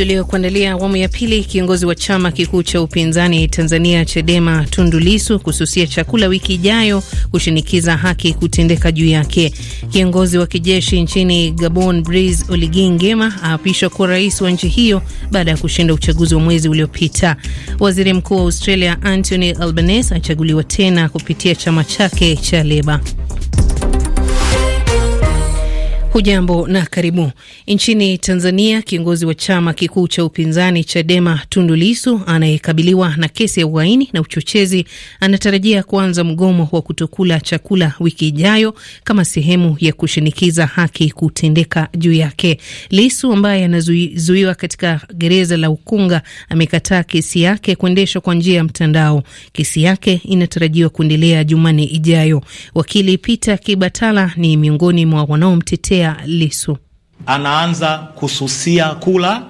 Tuliyokuandalia awamu ya pili. Kiongozi wa chama kikuu cha upinzani Tanzania Chadema Tundu kususia chakula wiki ijayo kushinikiza haki kutendeka juu yake. Kiongozi wa kijeshi nchini Gabon Brice Oligui Nguema aapishwa kuwa rais wa nchi hiyo baada ya kushinda uchaguzi wa mwezi uliopita. Waziri Mkuu wa Australia Anthony Albanese achaguliwa tena kupitia chama chake cha Leba. Hujambo na karibu. Nchini Tanzania, kiongozi wa chama kikuu cha upinzani Chadema Tundu Lisu anayekabiliwa na kesi ya uhaini na uchochezi anatarajia kuanza mgomo wa kutokula chakula wiki ijayo kama sehemu ya kushinikiza haki kutendeka juu yake. Lisu ambaye anazuiwa katika gereza la Ukunga amekataa kesi yake kuendeshwa kwa njia ya mtandao. Kesi yake inatarajiwa kuendelea Jumanne ijayo. Wakili Peter Kibatala ni miongoni mwa wanaomtetea Lisu. Anaanza kususia kula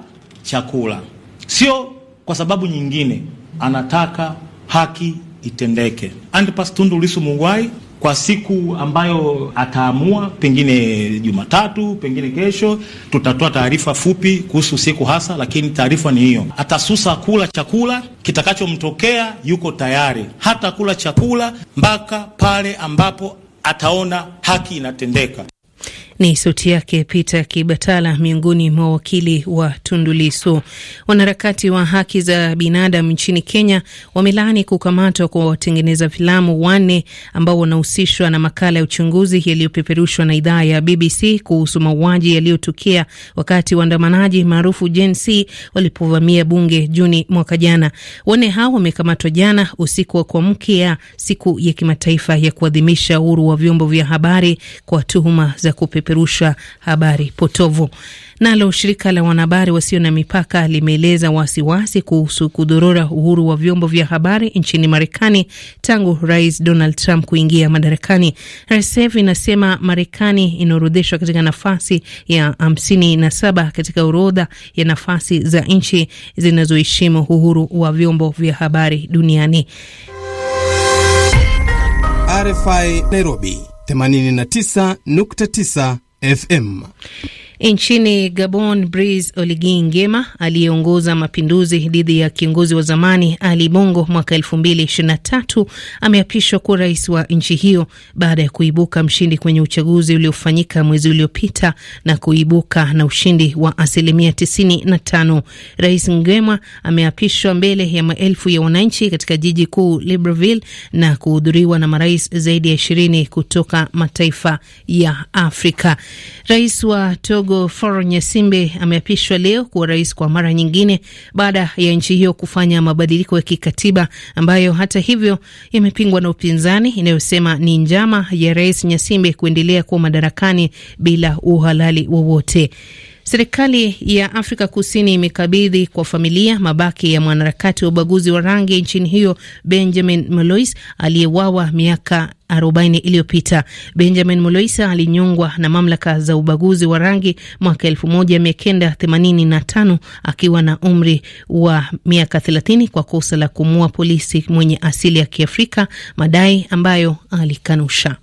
chakula, sio kwa sababu nyingine, anataka haki itendeke. Antipas Tundu Lisu Mugwai kwa siku ambayo ataamua, pengine Jumatatu, pengine kesho, tutatoa taarifa fupi kuhusu siku hasa, lakini taarifa ni hiyo. Atasusa kula chakula, kitakachomtokea yuko tayari, hata kula chakula mpaka pale ambapo ataona haki inatendeka. Ni sauti yake Peter Kibatala, miongoni mwa wakili wa Tundulisu. Wanaharakati wa haki za binadamu nchini Kenya wamelaani kukamatwa kwa watengeneza filamu wanne ambao wanahusishwa na makala ya uchunguzi yaliyopeperushwa na idhaa ya BBC kuhusu mauaji yaliyotukia wakati waandamanaji maarufu Gen Z walipovamia bunge Juni mwaka jana. Wanne hao wamekamatwa jana usiku wa kuamkia siku ya kimataifa ya kuadhimisha uhuru wa vyombo vya habari kwa tuhuma za kupepe kupeperusha habari potovu. Nalo shirika la wanahabari wasio na mipaka limeeleza wasiwasi kuhusu kudorora uhuru wa vyombo vya habari nchini Marekani tangu Rais Donald Trump kuingia madarakani. RSF inasema Marekani inaorodheshwa katika nafasi ya hamsini na saba katika orodha ya nafasi za nchi zinazoheshimu uhuru wa vyombo vya habari duniani. RFI Nairobi 89.9 FM. Nchini Gabon, Brice Oligui Nguema aliyeongoza mapinduzi dhidi ya kiongozi wa zamani Ali Bongo mwaka tatu ameapishwa kuwa rais wa nchi hiyo baada ya kuibuka mshindi kwenye uchaguzi uliofanyika mwezi uliopita na kuibuka na ushindi wa asilimia 95. Rais Nguema ameapishwa mbele ya maelfu ya wananchi katika jiji kuu Libreville na kuhudhuriwa na marais zaidi ya ishirini kutoka mataifa ya Afrika. Rais wa Togo Togo Faure Gnassingbe ameapishwa leo kuwa rais kwa mara nyingine baada ya nchi hiyo kufanya mabadiliko ya kikatiba ambayo hata hivyo yamepingwa na upinzani inayosema ni njama ya Rais nyasimbe kuendelea kuwa madarakani bila uhalali wowote. Serikali ya Afrika Kusini imekabidhi kwa familia mabaki ya mwanaharakati wa ubaguzi wa rangi nchini hiyo Benjamin Molois aliyewawa miaka 40 iliyopita. Benjamin Molois alinyongwa na mamlaka za ubaguzi wa rangi mwaka 1985 akiwa na umri wa miaka 30 kwa kosa la kumua polisi mwenye asili ya Kiafrika, madai ambayo alikanusha.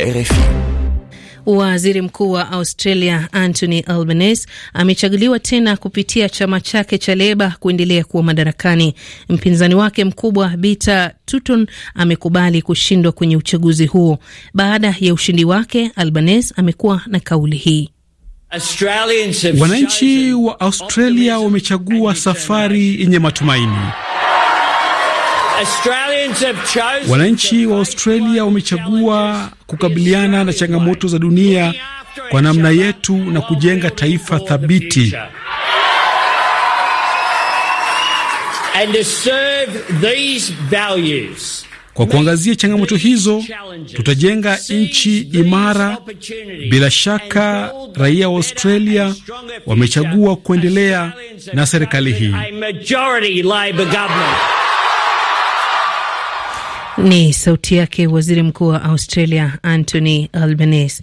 RFI. Waziri mkuu wa Australia Anthony Albanese amechaguliwa tena kupitia chama chake cha Leba kuendelea kuwa madarakani. Mpinzani wake mkubwa Peter tuton amekubali kushindwa kwenye uchaguzi huo. Baada ya ushindi wake, Albanese amekuwa na kauli hii: wananchi wa Australia wamechagua safari yenye matumaini Australia Wananchi wa Australia wamechagua kukabiliana na changamoto za dunia kwa namna yetu na kujenga taifa thabiti. Kwa kuangazia changamoto hizo, tutajenga nchi imara. Bila shaka, raia wa Australia wamechagua kuendelea na serikali hii. Ni sauti yake waziri mkuu wa Australia Anthony Albanese.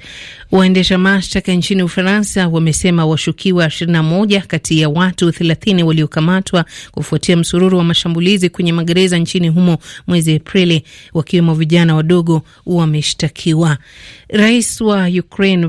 Waendesha mashtaka nchini Ufaransa wamesema washukiwa 21 kati ya watu 30 waliokamatwa kufuatia msururu wa mashambulizi kwenye magereza nchini humo mwezi Aprili, wakiwemo vijana wadogo, wameshtakiwa. Rais wa Ukraine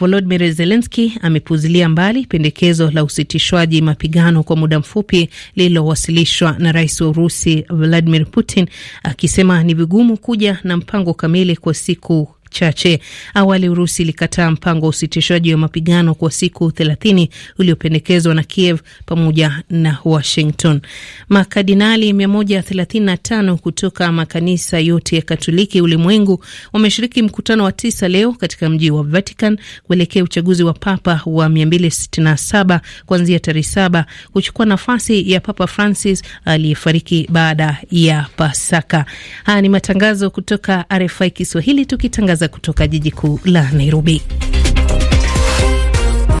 Volodimir Zelenski amepuzilia mbali pendekezo la usitishwaji mapigano kwa muda mfupi lililowasilishwa na rais wa Urusi Vladimir Putin aki akisema ni vigumu kuja na mpango kamili kwa siku chache. Awali Urusi ilikataa mpango wa usitishwaji wa mapigano kwa siku 30 uliopendekezwa na Kiev pamoja na Washington. Makardinali 135 kutoka makanisa yote ya Katoliki ulimwengu wameshiriki mkutano wa tisa leo katika mji wa Vatican kuelekea uchaguzi wa papa wa 267 kuanzia tarehe saba kuchukua nafasi ya Papa Francis aliyefariki baada ya Pasaka. Haya ni matangazo kutoka RFI Kiswahili tukitangaza kutoka jiji kuu la Nairobi.